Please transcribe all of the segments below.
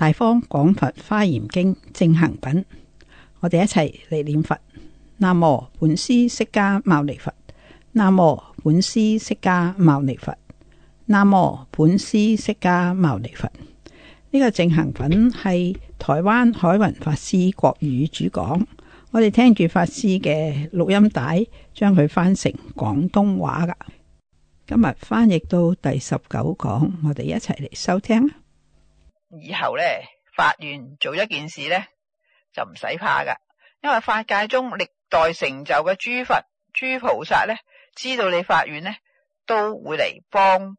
大方廣佛花嚴經正行品，我哋一齊嚟念佛。南無本師釋迦牟尼佛，南無本師釋迦牟尼佛，南無本師釋迦牟尼佛。呢個正行品係台灣海雲法師國語主講，我哋聽住法師嘅錄音帶，將佢翻成廣東話噶。今日翻譯到第十九講，我哋一齊嚟收聽。以後咧，發願做一件事咧，就唔使怕噶，因為法界中歷代成就嘅諸佛、諸菩薩咧，知道你發願咧，都會嚟幫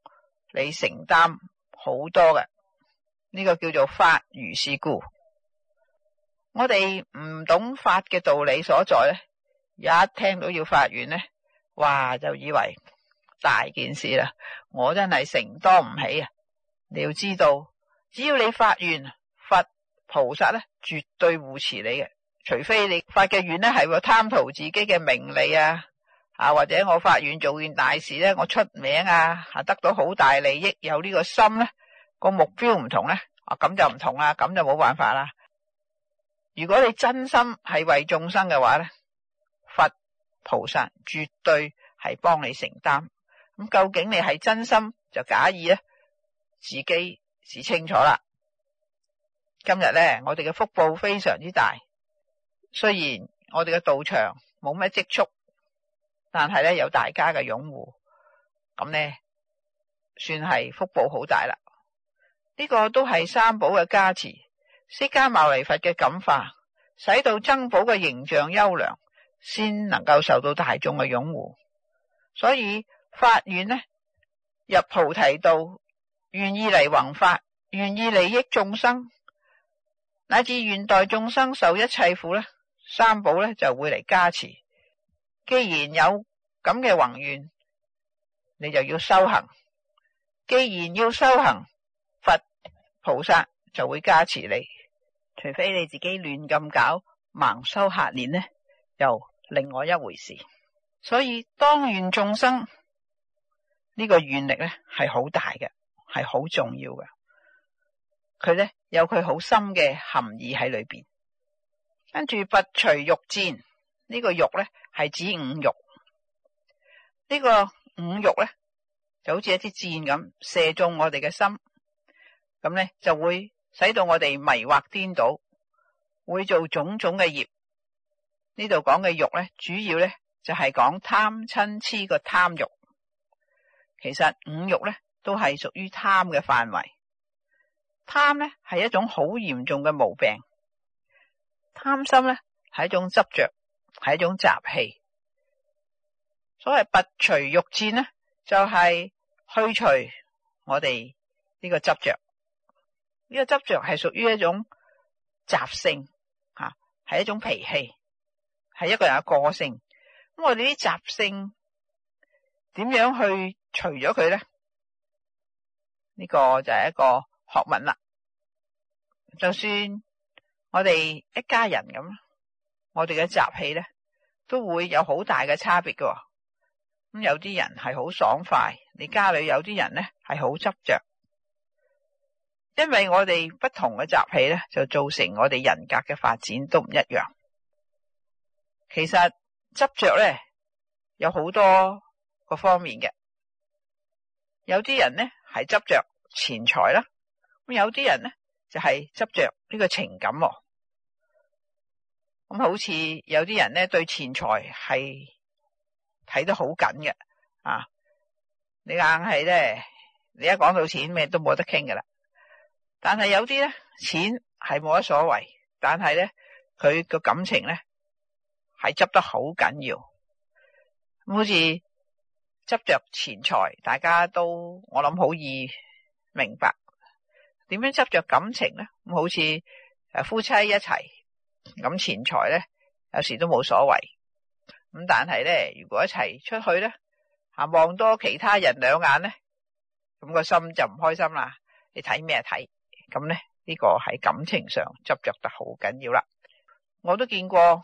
你承擔好多嘅。呢個叫做法如是故。我哋唔懂法嘅道理所在咧，一聽到要發願咧，哇，就以為大件事啦，我真係承擔唔起啊！你要知道。只要你發願，佛菩薩咧，絕對護持你嘅。除非你發嘅願咧係貪圖自己嘅名利啊，啊或者我發願做件大事咧，我出名啊，得到好大利益，有呢個心咧，個目標唔同咧，啊咁就唔同啦，咁就冇辦法啦。如果你真心係為眾生嘅話咧，佛菩薩絕對係幫你承擔。咁究竟你係真心就假意咧，自己。是清楚啦。今日咧，我哋嘅福報非常之大，雖然我哋嘅道場冇咩積蓄，但係咧有大家嘅擁護，咁呢，算係福報好大啦。呢個都係三寶嘅加持，釋迦牟尼佛嘅感化，使到僧寶嘅形象優良，先能夠受到大眾嘅擁護。所以法緣呢，入菩提道。願意嚟弘法，願意利益眾生，乃至願代眾生受一切苦咧，三寶咧就會嚟加持。既然有咁嘅宏願，你就要修行。既然要修行，佛菩薩就會加持你。除非你自己亂咁搞，盲修瞎練呢，又另外一回事。所以當願眾生呢，這個願力咧係好大嘅。係好重要嘅，佢咧有佢好深嘅含義喺裏邊。跟住拔除欲箭，這個、呢個欲咧係指五欲。呢、這個五欲咧就好似一啲箭咁射中我哋嘅心，咁咧就會使到我哋迷惑顛倒，會做種種嘅業。這裏說的呢度講嘅欲咧，主要咧就係、是、講貪嗔痴個貪欲，其實五欲咧。都係屬於貪嘅範圍。貪咧係一種好嚴重嘅毛病。貪心咧係一種執着，係一種習氣。所謂拔除欲箭咧，就係去除我哋呢個執着。呢個執着係屬於一種習性，吓係一種脾氣，係一個人嘅個性。咁我哋啲習性點樣去除咗佢咧？呢個就係一個學問啦。就算我哋一家人咁，我哋嘅習氣咧，都會有好大嘅差別嘅哦。咁有啲人係好爽快，你家裏有啲人咧係好執着，因為我哋不同嘅習氣咧，就造成我哋人格嘅發展都唔一樣。其實執着咧有好多個方面嘅，有啲人咧。係執着錢財啦，咁有啲人咧就係、是、執着呢個情感、哦，咁好似有啲人咧對錢財係睇得好緊嘅，啊，你硬係咧，你一講到錢咩都冇得傾噶啦，但係有啲咧錢係冇乜所謂，但係咧佢個感情咧係執得好緊要，好似。執着錢財，大家都我諗好易明白。點樣執着感情咧？咁好似誒夫妻一齊咁，錢財咧有時都冇所謂。咁但係咧，如果一齊出去咧，望多其他人兩眼咧，咁個心就唔開心啦。你睇咩睇？咁咧呢個喺感情上執着得好緊要啦。我都見過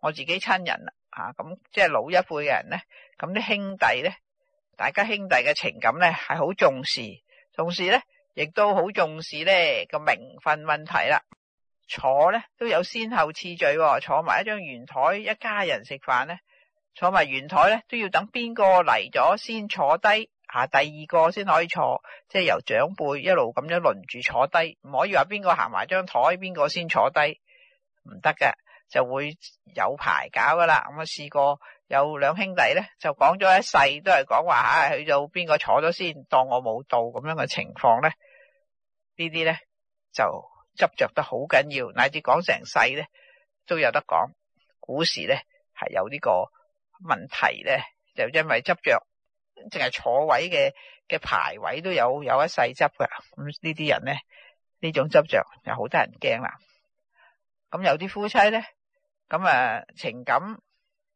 我自己親人啦，咁即係老一輩嘅人咧，咁啲兄弟咧。大家兄弟嘅情感咧係好重視，同時咧亦都好重視咧個名分問題啦。坐咧都有先後次序，哦，坐埋一張圓台，一家人食飯咧，坐埋圓台咧都要等邊個嚟咗先坐低，啊，第二個先可以坐，即係由長輩一路咁樣輪住坐低，唔可以話邊個行埋張台邊個先坐低，唔得㗎。就會有排搞噶啦，咁啊試過有兩兄弟咧，就講咗一世都係講話吓，去到邊個坐咗先，當我冇到咁樣嘅情況咧，呢啲咧就執着得好緊要，乃至講成世咧都有得講。古時咧係有呢個問題咧，就因為執着，淨係坐位嘅嘅排位都有有一世執噶，咁呢啲人咧呢種執着就好得人驚啦。咁有啲夫妻咧，咁啊情感，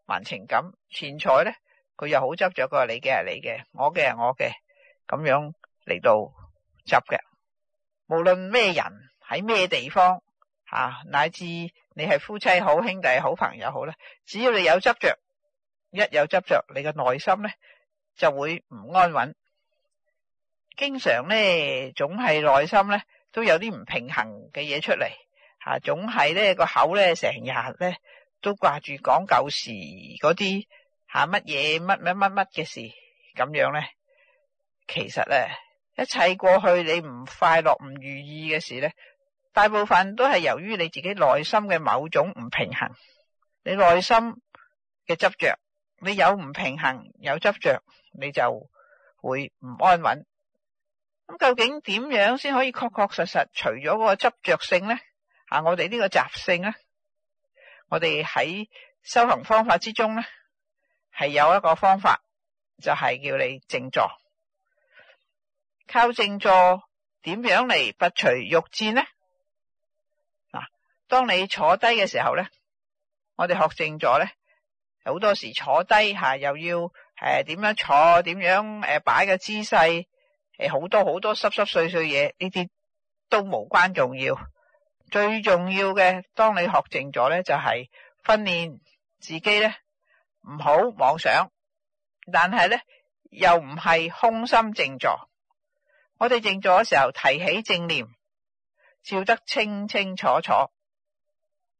還情感，錢財咧，佢又好執着，佢話你嘅係你嘅，我嘅係我嘅，咁樣嚟到執嘅。無論咩人喺咩地方，啊，乃至你係夫妻好，兄弟好，朋友好啦，只要你有執着，一有執着，你嘅內心咧就會唔安穩，經常咧總係內心咧都有啲唔平衡嘅嘢出嚟。啊，總係咧個口咧成日咧都掛住講舊時嗰啲吓乜嘢乜乜乜乜嘅事咁樣咧。其實咧一切過去你唔快樂唔如意嘅事咧，大部分都係由於你自己內心嘅某種唔平衡。你內心嘅執着，你有唔平衡有執着，你就會唔安穩。咁究竟點樣先可以確確實實除咗嗰個執着性咧？啊！我哋呢個習性咧，我哋喺修行方法之中咧，係有一個方法，就係、是、叫你靜坐。靠靜坐點樣嚟拔除欲箭呢？嗱，當你坐低嘅時候咧，我哋學靜坐咧，好多時坐低吓又要誒點樣坐？點樣誒擺個姿勢？誒好多好多濕濕碎碎嘢呢啲都無關重要。最重要嘅，當你學靜坐咧，就係、是、訓練自己咧，唔好妄想，但係咧又唔係空心靜坐。我哋靜坐嘅時候，提起正念，照得清清楚楚。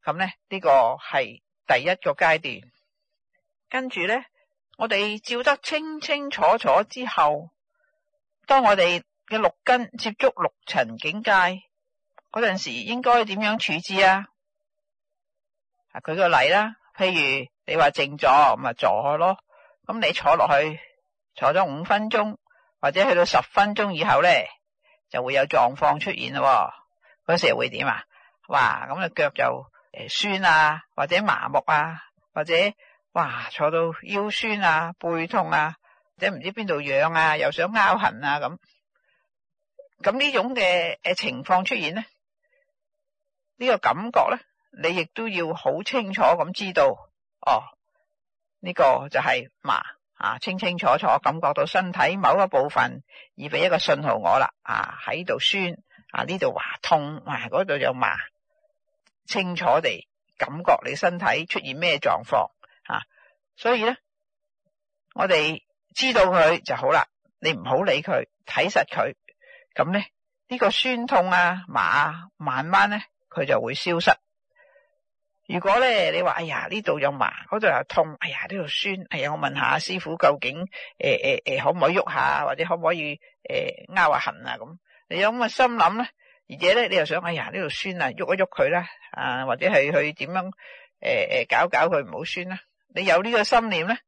咁咧呢、這個係第一個階段。跟住咧，我哋照得清清楚楚之後，當我哋嘅六根接觸六塵境界。嗰陣時應該點樣處置啊？啊，舉個例啦，譬如你話靜坐，咁咪坐咯，咁你坐落去坐咗五分鐘，或者去到十分鐘以後咧，就會有狀況出現咯。嗰時會點啊？哇，咁啊腳就誒酸啊，或者麻木啊，或者哇坐到腰酸啊、背痛啊，或者唔知邊度癢啊，又想拗痕啊咁。咁呢種嘅誒情況出現咧？呢個感覺咧，你亦都要好清楚咁知道哦。呢個就係麻啊，清清楚楚感覺到身體某一部分已俾一個信號我啦。啊，喺度酸啊，呢度話痛啊，嗰度又麻，清楚地感覺你身體出現咩狀況啊。所以咧，我哋知道佢就好啦。你唔好理佢，睇實佢咁咧。呢個酸痛啊、麻啊，慢慢咧。佢就會消失。如果咧，你話哎呀，呢度有麻，嗰度又痛，哎呀呢度酸，哎呀我問下師傅究竟誒誒誒可唔可以喐下，或者可唔可以誒拗下痕啊？咁你有咁嘅心諗咧，而且咧你又想哎呀呢度酸啊，喐一喐佢啦啊，或者係去點樣誒誒、欸、搞搞佢唔好酸啦。你有呢個心念咧，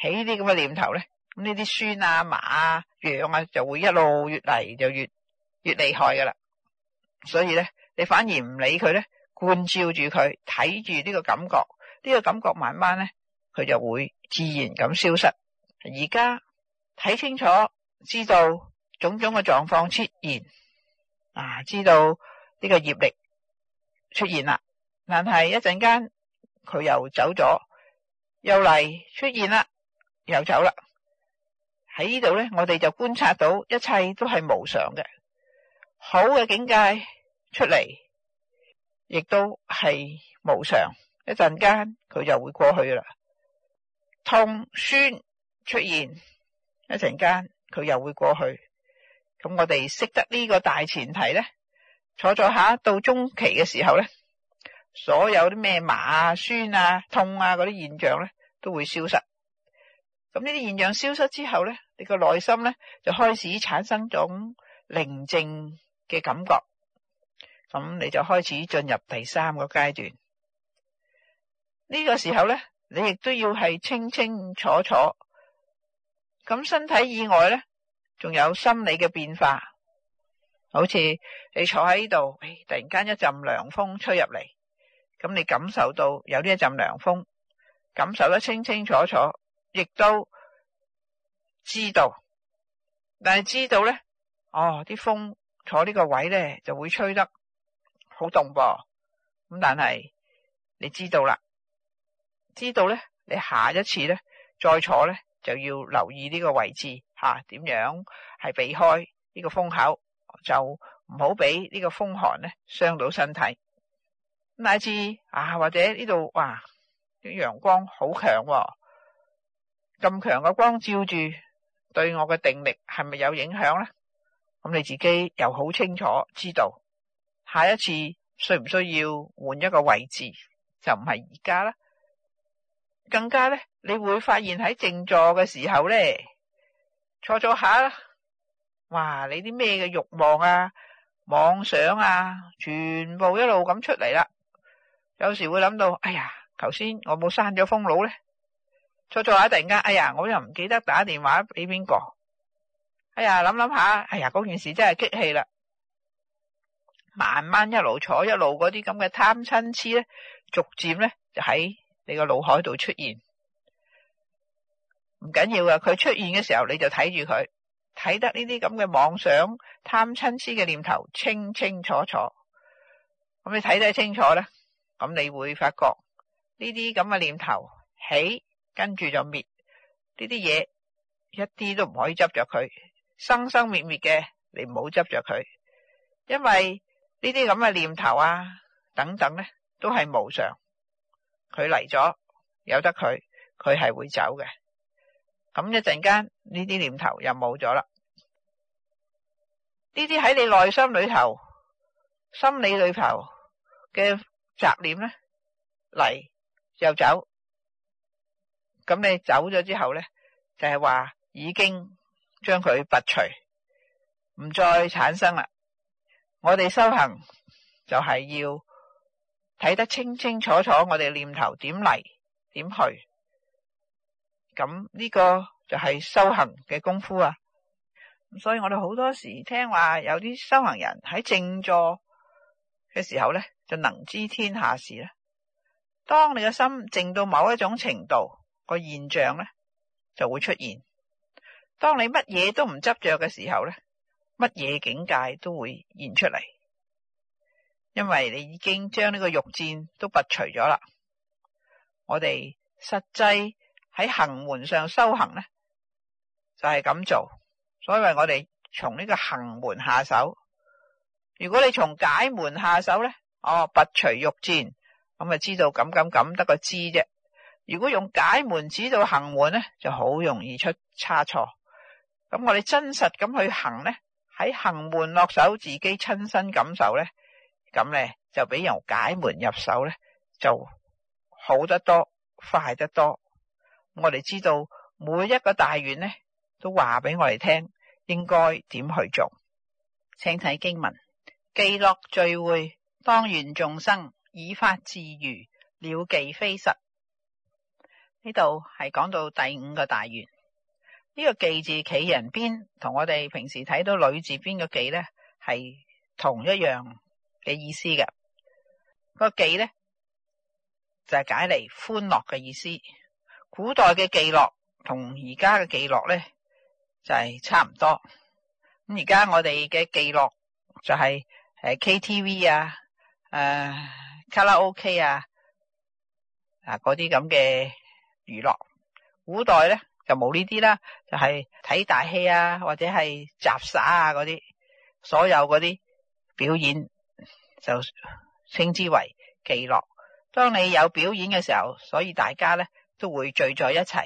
起呢啲咁嘅念頭咧，咁呢啲酸啊麻啊癢啊就會一路越嚟，就越越厲害噶啦，所以咧。你反而唔理佢咧，觀照住佢，睇住呢個感覺，呢個感覺慢慢咧，佢就會自然咁消失。而家睇清楚，知道種種嘅狀況出現，啊，知道呢個業力出現啦，但係一陣間佢又走咗，又嚟出現啦，又走啦。喺呢度咧，我哋就觀察到一切都係無常嘅，好嘅境界。出嚟亦都係無常，一陣間佢就會過去啦。痛、酸出現，一陣間佢又會過去。咁我哋識得呢個大前提咧，坐咗下到中期嘅時候咧，所有啲咩麻啊、酸啊、痛啊嗰啲現象咧都會消失。咁呢啲現象消失之後咧，你個內心咧就開始產生種寧靜嘅感覺。咁你就開始進入第三個階段。呢個時候咧，你亦都要係清清楚楚。咁身體以外咧，仲有心理嘅變化。好似你坐喺呢度，突然間一陣涼風吹入嚟，咁你感受到有呢一陣涼風，感受得清清楚楚，亦都知道。但係知道咧，哦，啲風坐呢個位咧就會吹得。好凍噃，咁但係你知道啦，知道咧，你下一次咧再坐咧就要留意呢個位置吓，啊，點樣係避開呢個風口，就唔好俾呢個風寒咧傷到身體。乃至啊，或者呢度哇，啲陽光好強哦，咁強嘅光照住，對我嘅定力係咪有影響咧？咁你自己又好清楚知道。下一次需唔需要換一個位置，就唔係而家啦。更加咧，你會發現喺靜坐嘅時候咧，坐坐下啦，哇！你啲咩嘅慾望啊、妄想啊，全部一路咁出嚟啦。有時會諗到，哎呀，頭先我冇閂咗風爐咧，坐坐下突然間，哎呀，我又唔記得打電話俾邊個。哎呀，諗諗下，哎呀，嗰件事真係激氣啦。慢慢一路坐一路嗰啲咁嘅貪嗔痴咧，逐漸咧就喺你個腦海度出現。唔緊要呀，佢出現嘅時候你就睇住佢，睇得呢啲咁嘅妄想、貪嗔痴嘅念頭清清楚楚。咁你睇得清楚咧，咁你會發覺呢啲咁嘅念頭起，跟住就滅。呢啲嘢一啲都唔可以執着佢，生生滅滅嘅，你唔好執着佢，因為。呢啲咁嘅念頭啊，等等咧，都係無常。佢嚟咗，由得佢，佢係會走嘅。咁一陣間，呢啲念頭又冇咗啦。呢啲喺你內心裏頭、心理裏頭嘅雜念咧，嚟又走。咁你走咗之後咧，就係話已經將佢拔除，唔再產生啦。我哋修行就係要睇得清清楚楚，我哋念頭點嚟點去，咁呢個就係修行嘅功夫啊！所以我哋好多時聽話有啲修行人喺靜坐嘅時候呢，就能知天下事啦。當你嘅心靜到某一種程度，個現象呢就會出現。當你乜嘢都唔執着嘅時候呢。乜嘢境界都會現出嚟，因為你已經將呢個欲箭都拔除咗啦。我哋實際喺行門上修行呢，就係咁做。所以我哋從呢個行門下手。如果你從解門下手呢，哦，拔除欲箭，咁啊，知道咁咁咁得個知啫。如果用解門指導行門呢，就好容易出差錯。咁我哋真實咁去行呢。喺行門落手，自己親身感受咧，咁咧就比由解門入手咧就好得多，快得多。我哋知道每一個大願咧，都話俾我哋聽應該點去做。請睇經文：記落聚會，當願眾生以法自娛，了記非實。呢度係講到第五個大願。呢個記字企人邊，同我哋平時睇到女字邊個記咧，係同一樣嘅意思嘅。個記咧就係、是、解嚟歡樂嘅意思。古代嘅記樂同而家嘅記樂咧就係、是、差唔多。咁而家我哋嘅記樂就係誒 KTV 啊，誒、啊、卡拉 OK 啊啊嗰啲咁嘅娛樂。古代咧。就冇呢啲啦，就係、是、睇大戲啊，或者係雜耍啊嗰啲，所有嗰啲表演就稱之為娛樂。當你有表演嘅時候，所以大家咧都會聚在一齊。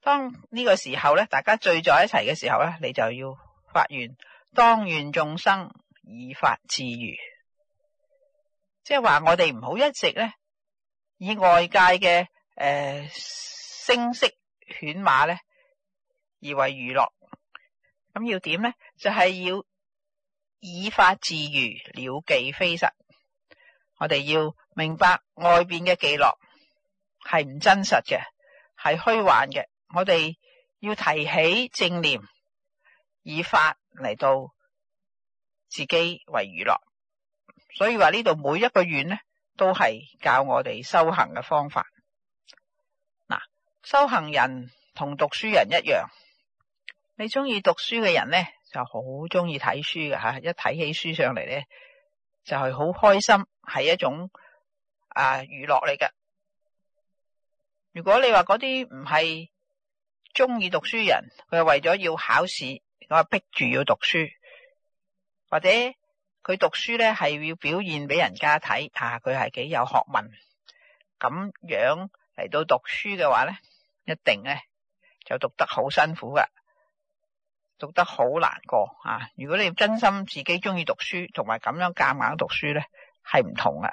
當呢個時候咧，大家聚在一齊嘅時候咧，你就要發願，當願眾生以法自娛，即係話我哋唔好一直咧以外界嘅誒聲色。犬馬咧而為娛樂，咁要點咧就係、是、要以法自娛，了記非實。我哋要明白外邊嘅記樂係唔真實嘅，係虛幻嘅。我哋要提起正念，以法嚟到自己為娛樂。所以話呢度每一個院咧，都係教我哋修行嘅方法。修行人同讀書人一樣，你中意讀書嘅人呢就好中意睇書嘅吓，一睇起書上嚟呢，就係好開心，係一種啊娛樂嚟嘅。如果你話嗰啲唔係中意讀書人，佢係為咗要考試，我係逼住要讀書，或者佢讀書呢係要表現俾人家睇，吓佢係幾有學問，咁樣嚟到讀書嘅話呢。一定咧就讀得好辛苦噶，讀得好難過啊，如果你真心自己中意讀書，同埋咁樣夾硬讀書咧，係唔同㗎。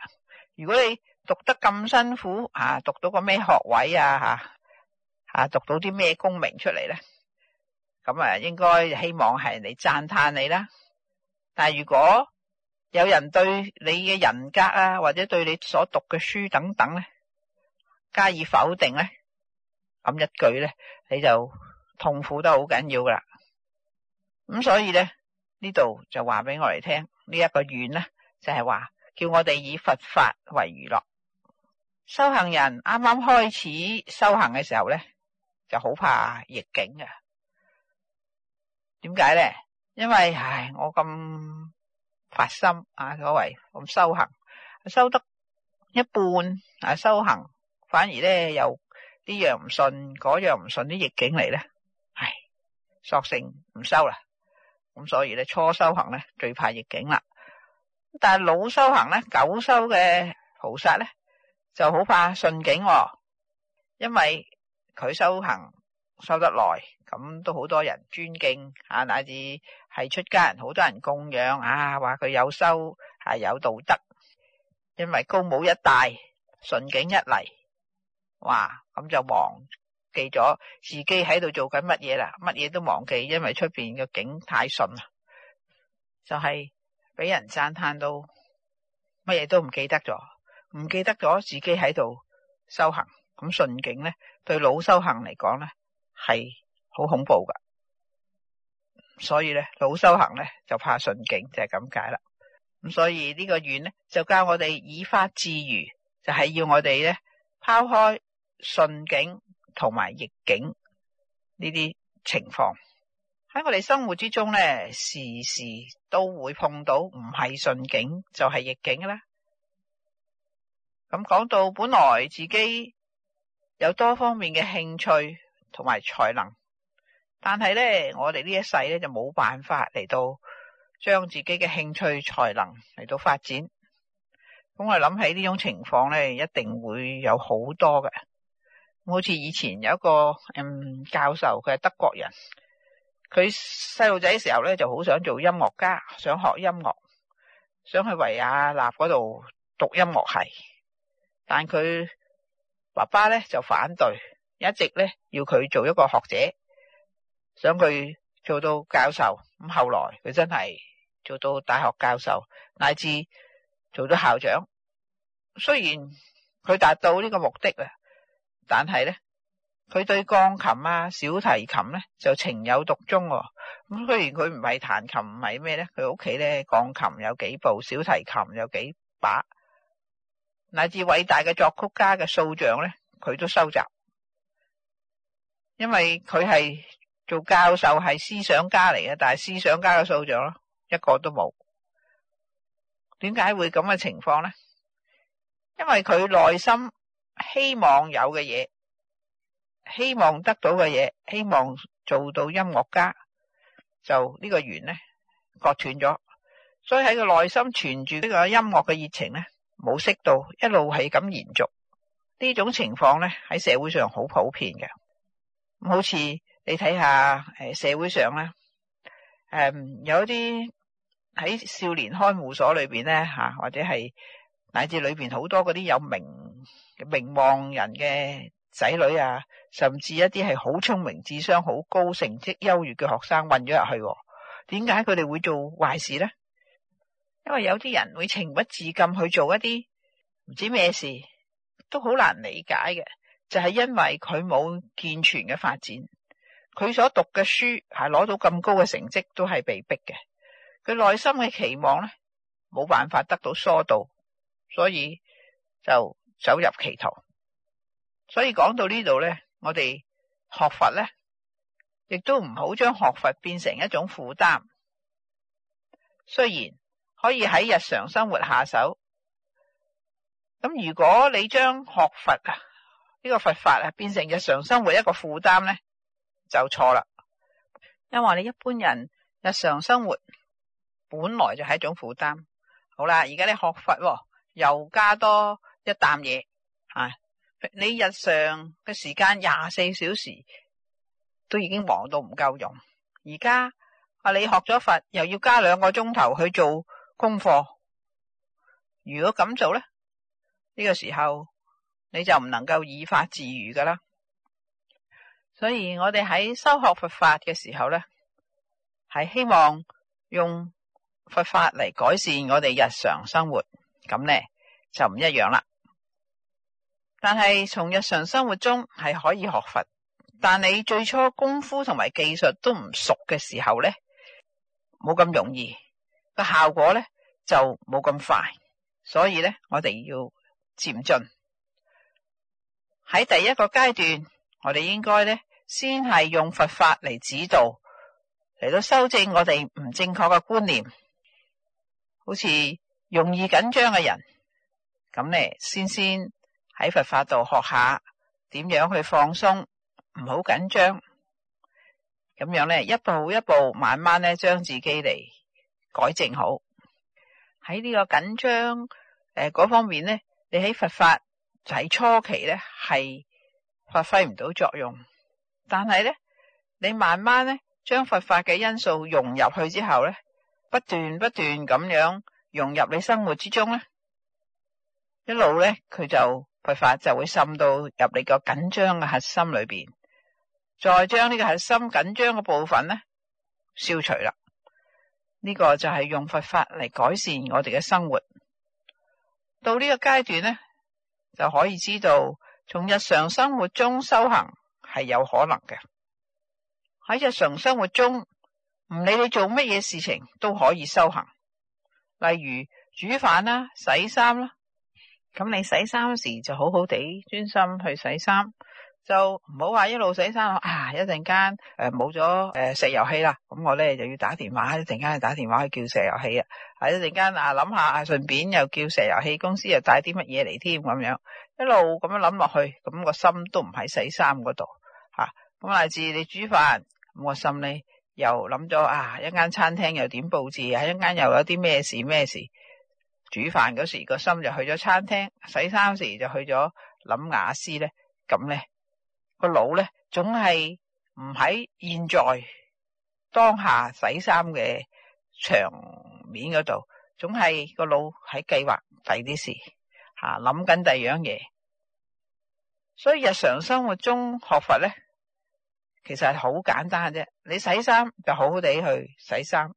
如果你讀得咁辛苦啊，讀到個咩學位啊，啊，讀到啲咩功名出嚟咧，咁啊，應該希望係人哋讚嘆你啦。但係如果有人對你嘅人格啊，或者對你所讀嘅書等等咧，加以否定咧？咁一句咧，你就痛苦得好緊要噶啦。咁所以咧，呢度就話俾我哋聽，呢一個願咧，就係話叫我哋以佛法為娛樂。修行人啱啱開始修行嘅時候咧，就好怕逆境啊。點解咧？因為唉，我咁發心啊，所謂咁修行，修得一半啊，修行反而咧又。呢樣唔信，嗰樣唔信，啲逆境嚟咧，唉，索性唔收啦。咁所以咧，初修行咧最怕逆境啦。但係老修行咧，九修嘅菩薩咧就好怕順境喎，因為佢修行修得耐，咁都好多人尊敬啊，乃至係出家人好多人供養啊，話佢有修係有道德，因為高武一大，順境一嚟。哇！咁就忘記咗自己喺度做緊乜嘢啦，乜嘢都忘記，因為出邊嘅景太順啦，就係俾人讚嘆到乜嘢都唔記得咗，唔記得咗自己喺度修行。咁順境咧，對老修行嚟講咧係好恐怖噶，所以咧老修行咧就怕順境，就係咁解啦。咁所以呢個院咧就教我哋以法自娛，就係要我哋咧拋開。順境同埋逆境呢啲情況喺我哋生活之中呢，時時都會碰到。唔係順境就係逆境嘅啦。咁講到本來自己有多方面嘅興趣同埋才能，但係呢，我哋呢一世呢，就冇辦法嚟到將自己嘅興趣才能嚟到發展。咁我諗起呢種情況呢，一定會有好多嘅。好似以前有一個嗯教授，佢係德國人，佢細路仔嘅時候咧就好想做音樂家，想學音樂，想去維也納嗰度讀音樂係，但佢爸爸咧就反對，一直咧要佢做一個學者，想佢做到教授。咁後來佢真係做到大學教授，乃至做到校長。雖然佢達到呢個目的但係呢，佢對鋼琴啊、小提琴呢就情有獨鍾喎、哦。咁雖然佢唔係彈琴，唔係咩呢？佢屋企呢鋼琴有幾部，小提琴有幾把，乃至偉大嘅作曲家嘅塑像呢，佢都收集。因為佢係做教授，係思想家嚟嘅，但係思想家嘅塑像咯，一個都冇。點解會咁嘅情況呢？因為佢內心。希望有嘅嘢，希望得到嘅嘢，希望做到音樂家，就個呢個弦呢割斷咗，所以喺個內心存住呢個音樂嘅熱情呢，冇熄到，一路係咁延續呢種情況呢，喺社會上好普遍嘅。好似你睇下誒，社會上咧誒、嗯，有一啲喺少年看護所裏邊呢，吓，或者係乃至裏邊好多嗰啲有名。名望人嘅仔女啊，甚至一啲係好聰明、智商好高、成績優越嘅學生混咗入去，點解佢哋會做壞事咧？因為有啲人會情不自禁去做一啲唔知咩事，都好難理解嘅。就係、是、因為佢冇健全嘅發展，佢所讀嘅書係攞到咁高嘅成績，都係被逼嘅。佢內心嘅期望咧，冇辦法得到疏導，所以就。走入歧途，所以講到呢度呢，我哋學佛呢亦都唔好將學佛變成一種負擔。雖然可以喺日常生活下手，咁如果你將學佛啊，呢個佛法啊變成日常生活一個負擔呢，就錯啦。因為你一般人日常生活本來就係一種負擔。好啦，而家你學佛、哦、又加多。一啖嘢，哎，你日常嘅時間廿四小時都已經忙到唔夠用，而家啊你學咗佛，又要加兩個鐘頭去做功課。如果咁做咧，呢個時候你就唔能夠以法自娛噶啦。所以我哋喺修學佛法嘅時候咧，係希望用佛法嚟改善我哋日常生活，咁咧就唔一樣啦。但係從日常生活中係可以學佛，但你最初功夫同埋技術都唔熟嘅時候咧，冇咁容易，個效果咧就冇咁快，所以咧我哋要漸進。喺第一個階段，我哋應該咧先係用佛法嚟指導，嚟到修正我哋唔正確嘅觀念，好似容易緊張嘅人，咁咧先先。喺佛法度學下點樣去放鬆，唔好緊張，咁樣咧一步一步慢慢咧將自己嚟改正好。喺呢個緊張誒嗰方面咧，你喺佛法就喺初期咧係發揮唔到作用，但係咧你慢慢咧將佛法嘅因素融入去之後咧，不斷不斷咁樣融入你生活之中咧，一路咧佢就。佛法就會滲到入你個緊張嘅核心裏邊，再將呢個核心緊張嘅部分咧消除啦。呢個就係用佛法嚟改善我哋嘅生活。到呢個階段咧，就可以知道從日常生活中修行係有可能嘅。喺日常生活中，唔理你做乜嘢事情都可以修行，例如煮飯啦、洗衫啦。咁你洗衫時就好好地專心去洗衫，就唔好話一路洗衫啊，一陣間誒冇咗誒石油氣啦，咁我咧就要打電話，一陣間打電話去叫石油氣啊，喺一陣間啊諗下，順便又叫石油氣公司又帶啲乜嘢嚟添咁樣，一路咁樣諗落去，咁個心都唔喺洗衫嗰度吓。咁乃至你煮飯，咁個心咧又諗咗啊，一間餐廳又點佈置，啊一間又有啲咩事咩事。煮飯嗰時個心就去咗餐廳，洗衫時就去咗諗雅思咧。咁咧個腦咧總係唔喺現在當下洗衫嘅場面嗰度，總係個腦喺計劃第啲事，吓，諗緊第二樣嘢。所以日常生活中學佛咧，其實係好簡單嘅啫。你洗衫就好好地去洗衫，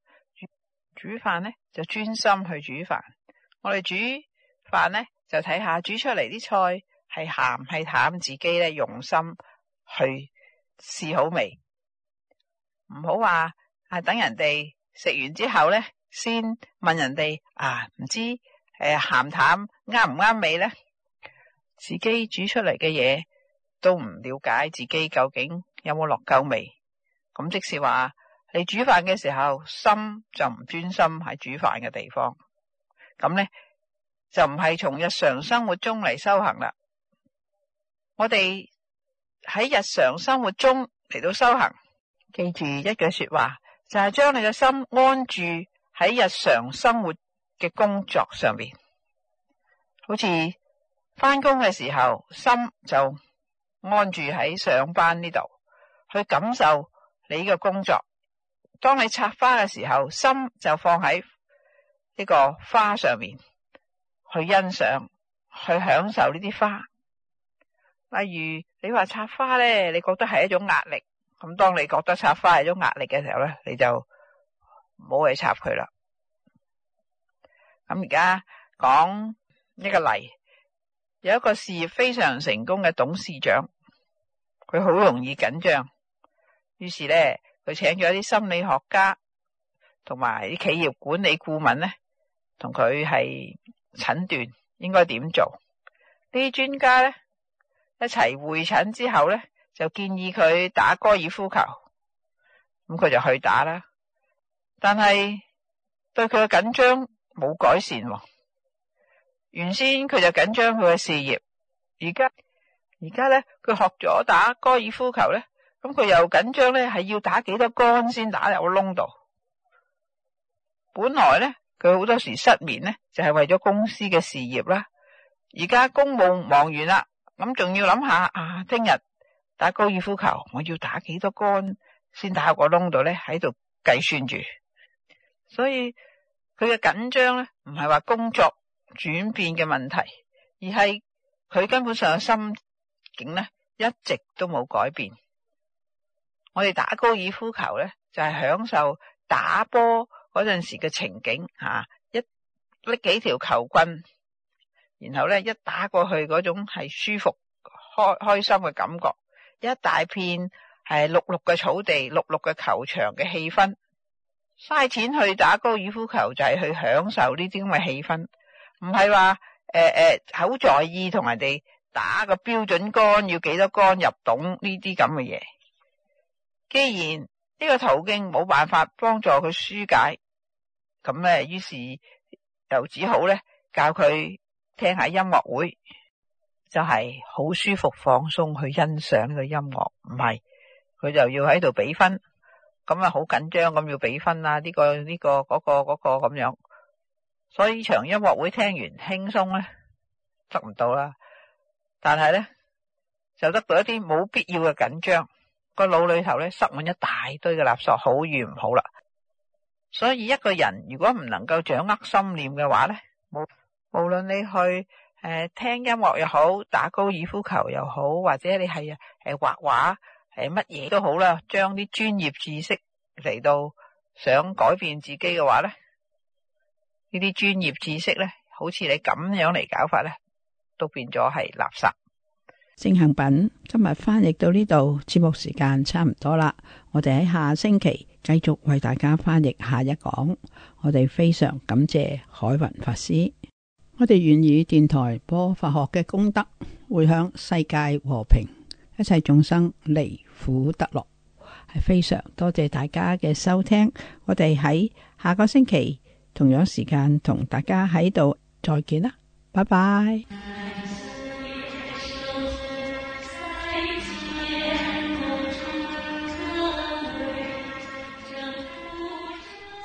煮飯咧就專心去煮飯。我哋煮飯咧，就睇下煮出嚟啲菜係鹹係淡，自己咧用心去試好味，唔好話等人哋食完之後咧，先問人哋啊，唔知誒鹹淡啱唔啱味咧。自己煮出嚟嘅嘢都唔了解自己究竟有冇落夠味，咁即是話你煮飯嘅時候心就唔專心喺煮飯嘅地方。咁咧就唔係從日常生活中嚟修行啦。我哋喺日常生活中嚟到修行，記住一句說話，就係將你嘅心安住喺日常生活嘅工作上面。好似翻工嘅時候，心就安住喺上班呢度，去感受你嘅工作。當你插花嘅時候，心就放喺。呢個花上面，去欣賞、去享受呢啲花。例如你話插花咧，你覺得係一種壓力。咁當你覺得插花係一種壓力嘅時候咧，你就唔好去插佢啦。咁而家講一個例，有一個事業非常成功嘅董事長，佢好容易緊張。於是咧，佢請咗啲心理學家同埋啲企業管理顧問咧。同佢係診斷應該點做？呢啲專家咧一齊會診之後咧，就建議佢打高爾夫球，咁佢就去打啦。但係對佢嘅緊張冇改善喎。原先佢就緊張佢嘅事業，而家而家咧佢學咗打高爾夫球咧，咁佢又緊張咧係要打幾多桿先打入個窿度。本來咧。佢好多時失眠咧，就係為咗公司嘅事業啦。而家公務忙完啦，咁仲要諗下啊，聽日打高爾夫球，我要打幾多桿先打個窿度咧？喺度計算住，所以佢嘅緊張咧，唔係話工作轉變嘅問題，而係佢根本上嘅心境咧，一直都冇改變。我哋打高爾夫球咧，就係享受打波。嗰陣時嘅情景吓，一拎幾條球棍，然後咧一打過去，嗰種係舒服，開開心嘅感覺。一大片係綠綠嘅草地，綠綠嘅球場嘅氣氛。嘥錢去打高爾夫球就係去享受呢啲咁嘅氣氛，唔係話誒誒好在意同人哋打個標準桿要幾多桿入洞呢啲咁嘅嘢。既然呢個途徑冇辦法幫助佢紓解。咁咧，於是又只好咧教佢聽下音樂會，就係好舒服放鬆去欣賞呢個音樂。唔係佢就要喺度畀分，咁啊好緊張咁要畀分啊！呢個呢個嗰個嗰個咁樣，所以場音樂會聽完輕鬆咧得唔到啦，但係咧就得到一啲冇必要嘅緊張，個腦裏頭咧塞滿一大堆嘅垃圾，好與唔好啦。所以一個人如果唔能夠掌握心念嘅話呢，無無論你去誒聽音樂又好，打高爾夫球又好，或者你係誒畫畫，係乜嘢都好啦，將啲專業知識嚟到想改變自己嘅話呢，呢啲專業知識呢，好似你咁樣嚟搞法呢，都變咗係垃圾。聖行品，今日翻譯到呢度，節目時間差唔多啦，我哋喺下星期。繼續為大家翻譯下一講，我哋非常感謝海雲法師，我哋願以電台播法學嘅功德，回向世界和平，一切眾生離苦得樂，係非常多謝大家嘅收聽，我哋喺下個星期同樣時間同大家喺度再見啦，拜拜。